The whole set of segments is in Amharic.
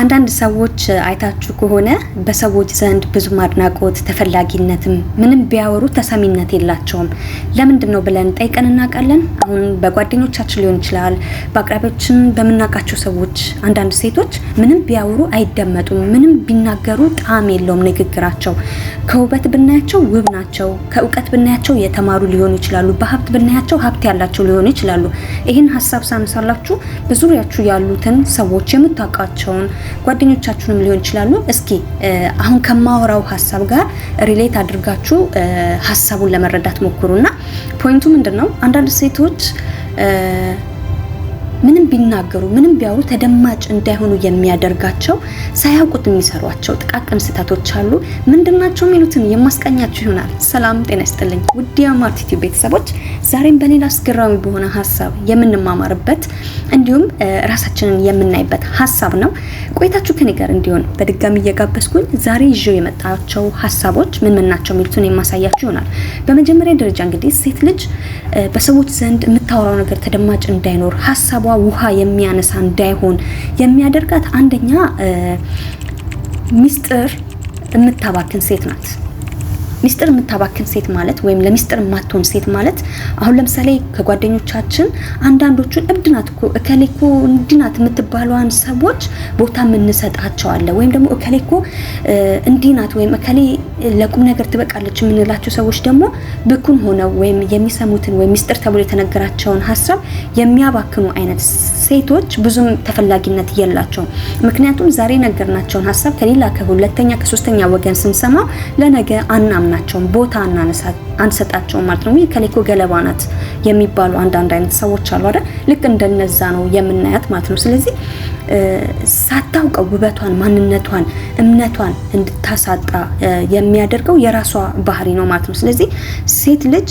አንዳንድ ሰዎች አይታችሁ ከሆነ በሰዎች ዘንድ ብዙም አድናቆት ተፈላጊነትም ምንም ቢያወሩ ተሰሚነት የላቸውም። ለምንድን ነው ብለን ጠይቀን እናውቃለን? አሁን በጓደኞቻችን ሊሆን ይችላል፣ በአቅራቢያችን በምናውቃቸው ሰዎች። አንዳንድ ሴቶች ምንም ቢያወሩ አይደመጡም። ምንም ቢናገሩ ጣዕም የለውም ንግግራቸው። ከውበት ብናያቸው ውብ ናቸው፣ ከእውቀት ብናያቸው የተማሩ ሊሆኑ ይችላሉ፣ በሀብት ብናያቸው ሀብት ያላቸው ሊሆኑ ይችላሉ። ይህን ሀሳብ ሳነሳላችሁ በዙሪያችሁ ያሉትን ሰዎች የምታውቃቸውን ጓደኞቻችሁንም ሊሆን ይችላሉ። እስኪ አሁን ከማወራው ሀሳብ ጋር ሪሌት አድርጋችሁ ሀሳቡን ለመረዳት ሞክሩና ፖይንቱ ምንድን ነው? አንዳንድ ሴቶች ምንም ቢናገሩ ምንም ቢያወሩ ተደማጭ እንዳይሆኑ የሚያደርጋቸው ሳያውቁት የሚሰሯቸው ጥቃቅን ስህተቶች አሉ። ምንድናቸው የሚሉትን የማስቀኛቸው ይሆናል። ሰላም ጤና ይስጥልኝ ውድ የማር ቤተሰቦች፣ ዛሬም በሌላ አስገራሚ በሆነ ሀሳብ የምንማማርበት እንዲሁም ራሳችንን የምናይበት ሀሳብ ነው። ቆይታችሁ ከኔ ጋር እንዲሆን በድጋሚ እየጋበዝኩኝ ዛሬ ይዤው የመጣቸው ሀሳቦች ምን ምን ናቸው የሚሉትን የማሳያችሁ ይሆናል። በመጀመሪያ ደረጃ እንግዲህ ሴት ልጅ በሰዎች ዘንድ የምታወራው ነገር ተደማጭ እንዳይኖር ሀሳቧ ውሃ የሚያነሳ እንዳይሆን የሚያደርጋት አንደኛ ሚስጥር የምታባክን ሴት ናት። ሚስጥር የምታባክን ሴት ማለት ወይም ለሚስጥር የማትሆን ሴት ማለት አሁን ለምሳሌ ከጓደኞቻችን አንዳንዶቹን እብድናት እኮ እከሌኮ እንዲናት የምትባሏን ሰዎች ቦታ የምንሰጣቸዋለን ወይም ደግሞ እከሌኮ እንዲናት ወይም እከሌ ለቁም ነገር ትበቃለች የምንላቸው ሰዎች ደግሞ ብኩን ሆነው ወይም የሚሰሙትን ወይም ሚስጥር ተብሎ የተነገራቸውን ሀሳብ የሚያባክኑ አይነት ሴቶች ብዙም ተፈላጊነት የላቸውም። ምክንያቱም ዛሬ ነገርናቸውን ሀሳብ ከሌላ ከሁለተኛ ከሶስተኛ ወገን ስንሰማ ለነገ አናምናቸውም፣ ቦታ አንሰጣቸውም ማለት ነው። ከሌኮ ገለባ ናት የሚባሉ አንዳንድ አይነት ሰዎች አሉ አይደል? ልክ እንደነዛ ነው የምናያት ማለት ነው። ስለዚህ ሳታውቀው ውበቷን፣ ማንነቷን፣ እምነቷን እንድታሳጣ የሚያደርገው የራሷ ባህሪ ነው ማለት ነው። ስለዚህ ሴት ልጅ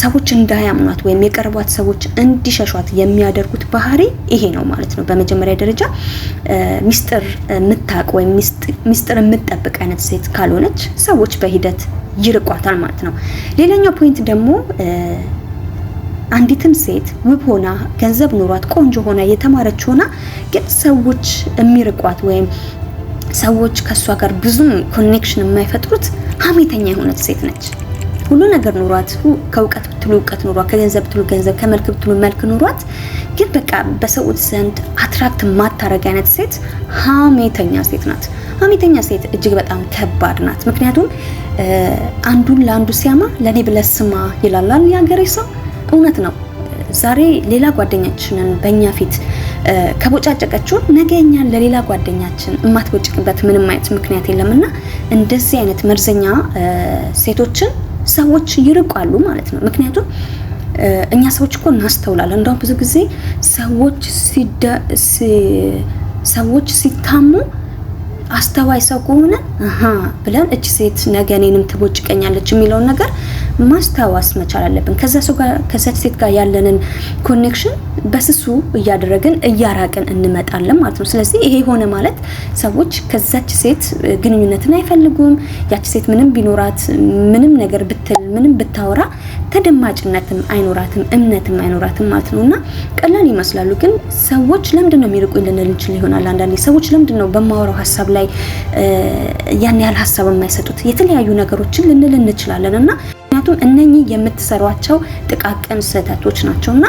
ሰዎች እንዳያምኗት ወይም የቀረቧት ሰዎች እንዲሸሿት የሚያደርጉት ባህሪ ይሄ ነው ማለት ነው። በመጀመሪያ ደረጃ ሚስጥር የምታውቅ ወይም ሚስጥር የምትጠብቅ አይነት ሴት ካልሆነች ሰዎች በሂደት ይርቋታል ማለት ነው። ሌላኛው ፖይንት ደግሞ አንዲትም ሴት ውብ ሆና ገንዘብ ኖሯት ቆንጆ ሆና የተማረች ሆና ግን ሰዎች የሚርቋት ወይም ሰዎች ከእሷ ጋር ብዙም ኮኔክሽን የማይፈጥሩት ሀሜተኛ የሆነች ሴት ነች። ሁሉ ነገር ኖሯት ከእውቀት ብትሉ እውቀት ኑሯት፣ ከገንዘብ ብትሉ ገንዘብ፣ ከመልክ ብትሉ መልክ ኖሯት፣ ግን በቃ በሰዎች ዘንድ አትራክት ማታረግ አይነት ሴት ሀሜተኛ ሴት ናት። ሀሜተኛ ሴት እጅግ በጣም ከባድ ናት። ምክንያቱም አንዱን ለአንዱ ሲያማ ለእኔ ብለስማ ይላላል የሀገሬ ሰው እውነት ነው። ዛሬ ሌላ ጓደኛችንን በእኛ ፊት ከቦጫጨቀችው ነገ እኛን ለሌላ ጓደኛችን የማትቦጭቅበት ምንም አይነት ምክንያት የለምና እንደዚህ አይነት መርዘኛ ሴቶችን ሰዎች ይርቋሉ ማለት ነው። ምክንያቱም እኛ ሰዎች እኮ እናስተውላለን። እንደውም ብዙ ጊዜ ሰዎች ሲታሙ አስተዋይ ሰው ከሆነ አሀ ብለን እች ሴት ነገ እኔንም ትቦጭቀኛለች የሚለውን ነገር ማስታወስ መቻል አለብን። ከዛ ሰው ጋር ከዛች ሴት ጋር ያለንን ኮኔክሽን በስሱ እያደረግን እያራቅን እንመጣለን ማለት ነው። ስለዚህ ይሄ ሆነ ማለት ሰዎች ከዛች ሴት ግንኙነትን አይፈልጉም። ያች ሴት ምንም ቢኖራት ምንም ነገር ብትል ምንም ብታወራ ተደማጭነትም አይኖራትም እምነትም አይኖራትም ማለት ነው። እና ቀላል ይመስላሉ፣ ግን ሰዎች ለምንድን ነው የሚርቁኝ ልንል እንችል ይሆናል። አንዳንዴ ሰዎች ለምንድን ነው በማወራው ሀሳብ ላይ ያን ያህል ሀሳብ የማይሰጡት? የተለያዩ ነገሮችን ልንል እንችላለን እና ምክንያቱም እነኚህ የምትሰሯቸው ጥቃቅን ስህተቶች ናቸውና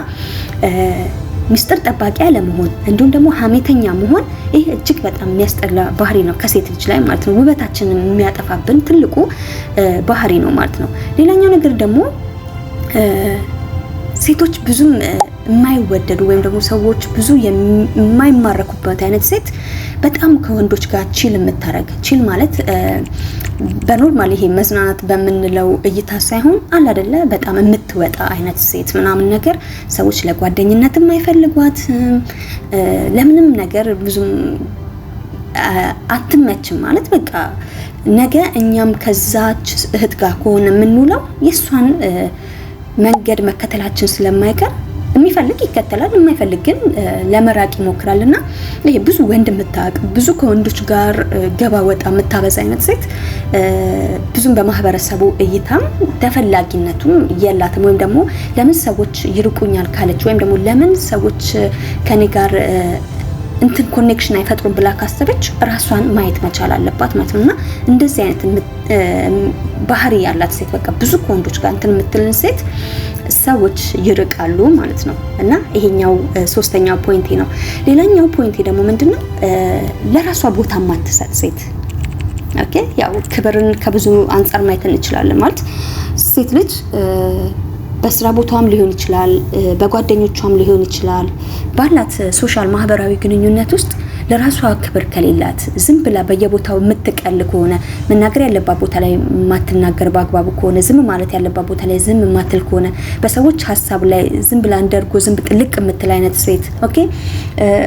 ሚስጥር ጠባቂ አለመሆን እንዲሁም ደግሞ ሀሜተኛ መሆን ይህ እጅግ በጣም የሚያስጠላ ባህሪ ነው ከሴት ልጅ ላይ ማለት ነው። ውበታችንን የሚያጠፋብን ትልቁ ባህሪ ነው ማለት ነው። ሌላኛው ነገር ደግሞ ሴቶች ብዙም የማይወደዱ ወይም ደግሞ ሰዎች ብዙ የማይማረኩበት አይነት ሴት በጣም ከወንዶች ጋር ቺል የምታደርግ ቺል ማለት በኖርማል ይሄ መዝናናት በምንለው እይታ ሳይሆን አላደለ በጣም የምትወጣ አይነት ሴት ምናምን ነገር ሰዎች ለጓደኝነትም አይፈልጓትም። ለምንም ነገር ብዙም አትመችም ማለት በቃ ነገ እኛም ከዛች እህት ጋር ከሆነ የምንውለው የእሷን መንገድ መከተላችን ስለማይቀር የሚፈልግ ይከተላል፣ የማይፈልግ ግን ለመራቅ ይሞክራል። እና ይሄ ብዙ ወንድ የምታውቅ ብዙ ከወንዶች ጋር ገባ ወጣ የምታበዛ አይነት ሴት ብዙም በማህበረሰቡ እይታም ተፈላጊነቱም የላትም። ወይም ደግሞ ለምን ሰዎች ይርቁኛል ካለች ወይም ደግሞ ለምን ሰዎች ከኔ ጋር እንትን ኮኔክሽን አይፈጥሩም ብላ ካሰበች ራሷን ማየት መቻል አለባት ማለት ነው እና እንደዚህ አይነት ባህሪ ያላት ሴት በቃ ብዙ ከወንዶች ጋር እንትን የምትልን ሴት ሰዎች ይርቃሉ ማለት ነው። እና ይሄኛው ሶስተኛው ፖይንቴ ነው። ሌላኛው ፖይንቴ ደግሞ ምንድነው? ለራሷ ቦታ ማትሰጥ ሴት። ኦኬ፣ ያው ክብርን ከብዙ አንጻር ማየት እንችላለን። ማለት ሴት ልጅ በስራ ቦታዋም ሊሆን ይችላል፣ በጓደኞቿም ሊሆን ይችላል፣ ባላት ሶሻል ማህበራዊ ግንኙነት ውስጥ ለራሷ ክብር ከሌላት ዝም ብላ በየቦታው የምትቀል ከሆነ መናገር ያለባት ቦታ ላይ የማትናገር በአግባቡ ከሆነ ዝም ማለት ያለባት ቦታ ላይ ዝም ማትል ከሆነ በሰዎች ሀሳብ ላይ ዝም ብላ እንደርጎ ዝም ጥልቅ የምትል አይነት ሴት ኦኬ፣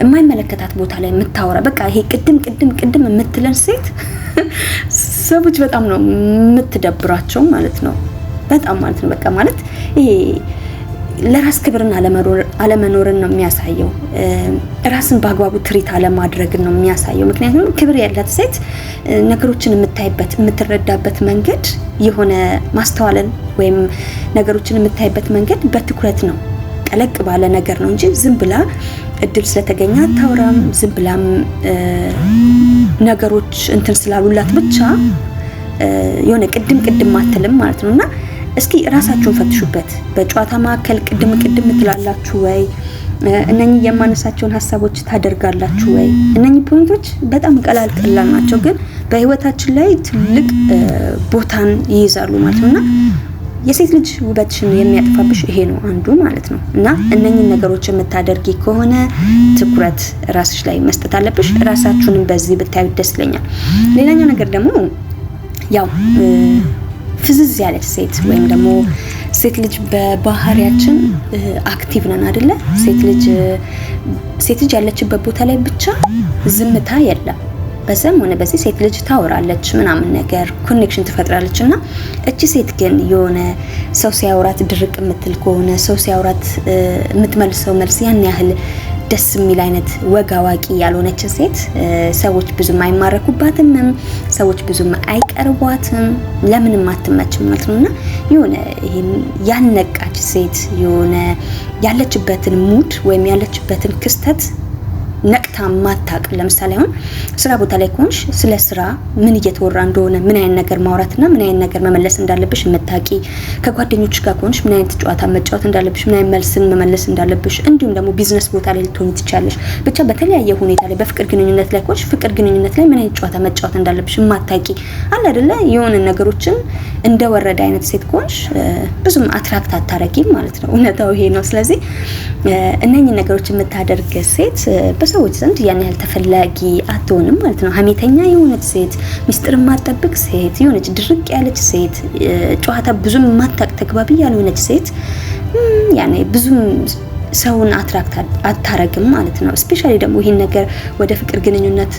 የማይመለከታት ቦታ ላይ የምታወራ በቃ ይሄ ቅድም ቅድም ቅድም የምትለን ሴት ሰዎች በጣም ነው የምትደብራቸው ማለት ነው። በጣም ማለት ነው በቃ ማለት ይሄ ለራስ ክብርን አለመኖርን ነው የሚያሳየው። ራስን በአግባቡ ትሪት አለማድረግን ነው የሚያሳየው። ምክንያቱም ክብር ያላት ሴት ነገሮችን የምታይበት የምትረዳበት መንገድ የሆነ ማስተዋልን ወይም ነገሮችን የምታይበት መንገድ በትኩረት ነው፣ ጠለቅ ባለ ነገር ነው እንጂ ዝም ብላ እድል ስለተገኘ አታውራም። ዝም ብላም ነገሮች እንትን ስላሉላት ብቻ የሆነ ቅድም ቅድም አትልም ማለት ነው እና እስኪ ራሳችሁን ፈትሹበት። በጨዋታ መካከል ቅድም ቅድም ትላላችሁ ወይ? እነኚህ የማነሳቸውን ሀሳቦች ታደርጋላችሁ ወይ? እነኚህ ፖይንቶች በጣም ቀላል ቀላል ናቸው፣ ግን በህይወታችን ላይ ትልቅ ቦታን ይይዛሉ ማለት ነው እና የሴት ልጅ ውበትሽን የሚያጥፋብሽ ይሄ ነው አንዱ ማለት ነው እና እነኚህን ነገሮች የምታደርጊ ከሆነ ትኩረት ራስሽ ላይ መስጠት አለብሽ። ራሳችሁንም በዚህ ብታዩት ደስ ይለኛል። ሌላኛው ነገር ደግሞ ያው ፍዝዝ ያለች ሴት ወይም ደግሞ ሴት ልጅ በባህሪያችን አክቲቭ ነን አደለ? ሴት ልጅ ሴት ልጅ ያለችበት ቦታ ላይ ብቻ ዝምታ የለም። በዛም ሆነ በዚህ ሴት ልጅ ታወራለች፣ ምናምን ነገር ኮኔክሽን ትፈጥራለች። እና እቺ ሴት ግን የሆነ ሰው ሲያወራት ድርቅ የምትል ከሆነ ሰው ሲያወራት የምትመልሰው መልስ ያን ያህል ደስ የሚል አይነት ወግ አዋቂ ያልሆነች ሴት ሰዎች ብዙም አይማረኩባትም፣ ሰዎች ብዙም አይቀርቧትም፣ ለምንም አትመችም ማለት ነው እና የሆነ ይሄም ያነቃች ሴት የሆነ ያለችበትን ሙድ ወይም ያለችበትን ክስተት ነቅታ ማታቅ ለምሳሌ አሁን ስራ ቦታ ላይ ከሆንሽ ስለ ስራ ምን እየተወራ እንደሆነ ምን አይነት ነገር ማውራትና ምን አይነት ነገር መመለስ እንዳለብሽ የምታቂ፣ ከጓደኞች ጋር ከሆንሽ ምን አይነት ጨዋታ መጫወት እንዳለብሽ ምን አይነት መልስን መመለስ እንዳለብሽ፣ እንዲሁም ደግሞ ቢዝነስ ቦታ ላይ ልትሆኝ ትችላለሽ። ብቻ በተለያየ ሁኔታ ላይ በፍቅር ግንኙነት ላይ ከሆንሽ ፍቅር ግንኙነት ላይ ምን አይነት ጨዋታ መጫወት እንዳለብሽ ማታቂ አለ አይደለ? የሆነ ነገሮችን እንደወረደ አይነት ሴት ከሆንሽ ብዙም አትራክት አታረጊም ማለት ነው። እውነታው ይሄ ነው። ስለዚህ እነኚህ ነገሮች የምታደርግ ሴት በሰዎች ዘንድ ያን ያህል ተፈላጊ አትሆንም ማለት ነው። ሀሜተኛ የሆነች ሴት፣ ሚስጥር የማጠብቅ ሴት፣ የሆነች ድርቅ ያለች ሴት፣ ጨዋታ ብዙም የማታቅ ተግባቢ ያልሆነች ሴት ያኔ ብዙም ሰውን አትራክት አታረግም ማለት ነው። እስፔሻሊ ደግሞ ይህን ነገር ወደ ፍቅር ግንኙነት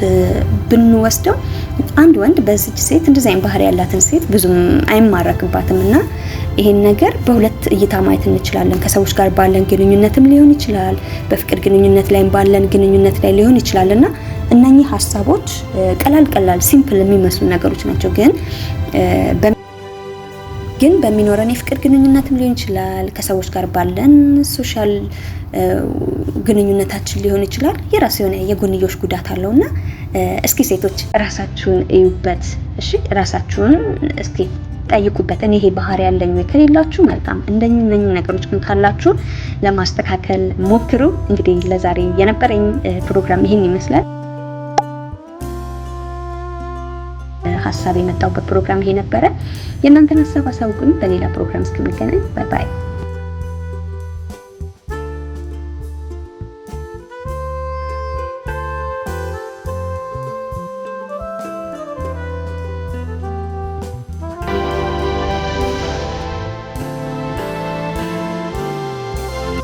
ብንወስደው አንድ ወንድ በዚች ሴት እንደዚህ አይነት ባህሪ ያላትን ሴት ብዙም አይማረክባትም እና ይህን ነገር በሁለት እይታ ማየት እንችላለን። ከሰዎች ጋር ባለን ግንኙነትም ሊሆን ይችላል፣ በፍቅር ግንኙነት ላይ ባለን ግንኙነት ላይ ሊሆን ይችላል እና እነኚህ ሀሳቦች ቀላል ቀላል ሲምፕል የሚመስሉ ነገሮች ናቸው ግን ግን በሚኖረን የፍቅር ግንኙነትም ሊሆን ይችላል፣ ከሰዎች ጋር ባለን ሶሻል ግንኙነታችን ሊሆን ይችላል። የራሱ የሆነ የጎንዮሽ ጉዳት አለው እና እስኪ ሴቶች ራሳችሁን እዩበት። እሺ ራሳችሁን እስኪ ጠይቁበት። እኔ ይሄ ባህሪ ያለኝ ወይ ከሌላችሁ መልካም፣ እንደነኝ ነገሮች ግን ካላችሁ ለማስተካከል ሞክሩ። እንግዲህ ለዛሬ የነበረኝ ፕሮግራም ይህን ይመስላል። ሀሳብ የመጣውበት ፕሮግራም ይሄ ነበረ። የእናንተን ሀሳብ አሳውቁኝ። በሌላ ፕሮግራም እስክንገናኝ ባይ ባይ።